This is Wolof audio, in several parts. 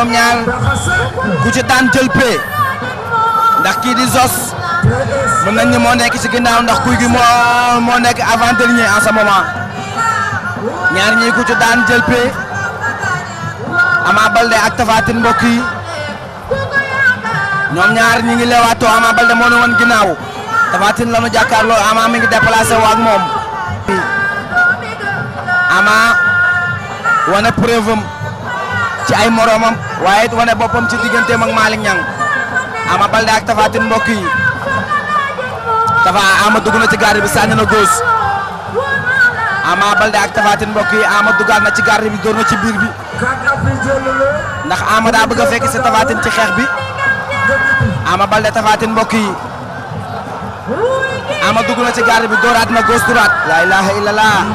ñoom ñaar ku ci daan jël pee ndax kii di Zos mën nañ ni moo nekk ci ginnaaw ndax kuy gi moo moo nekk avant dernier en ce moment ñaar ñii ku ci daan jël pee Ama Baldé ak Tapha Tine ñoom ñaar ñi ngi leewaatoo Ama Baldé moo ñu woon ginnaaw Tapha Tine la ñu jàkkaarloo Ama mi ngi déplacé waag moom Ama wane preuve ci ay moroomam waaye it wane boppam ci digganteem ak Malick Niang Ama Baldé ak Tapha Tine mbokk yi Tapha Ama dugg na ci garde bi sànni na góos Ama Baldé ak Tapha Tine mbokk yi Ama duggaat na ci garde bi door na ci biir bi ndax Ama daa bëgg a fekk si Tapha Tine ci xeex bi Ama Baldé Tapha Tine mbokk yi Ama duggu na ci garde bi dooraat na góos duraat laa ilaaha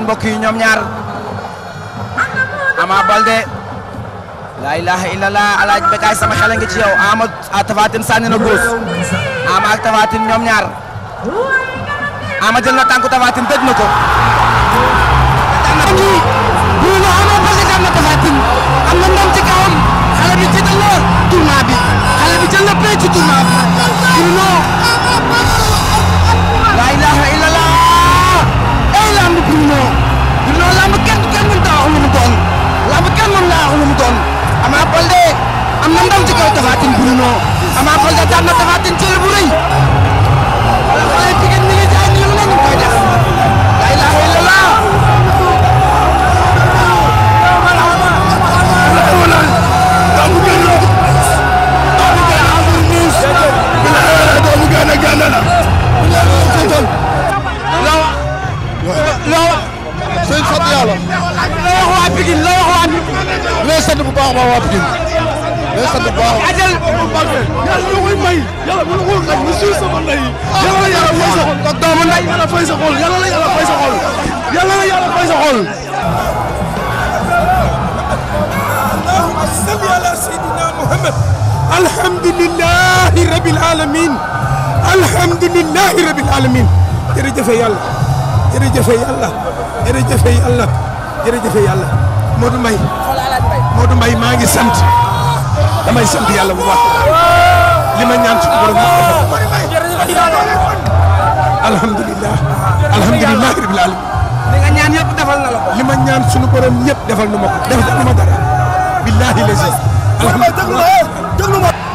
mbokk yi ñoom ñaar. Ama Baldé laa ilaha illallah alaaj bekaay sama xel a ngi ci yow Ama a Tafatine sànni na góos Ama ak Tafatine ñoom ñaar Ama jël na tànku Tafatine dëj na ko daan na kii bu ñu Ama Baldé daan na Tafatine dem ci kaw Tapha Tine Bruno Ama Baldé daan na Tapha Tine jël bu rëy wala xale jigéen ñi ngi jaay ni lu ne ñu koy def la ilaha illallah sant yàlla la wax waa Pikine la wax waa Pikine bu baax a baax waa Pikine day sant bu baax a. yàlla ñu koy may yàlla bu ñu ko xaj mu suur sama ndey. yàlla la yàlla fay sa xol muhammad alhamdulillahi rabbil ngi sant damay sant yàlla bu baax li ma ñaan ci borom yëpp defal li ma ñaan suñu borom yëpp defal nu ma ko defal nu ma dara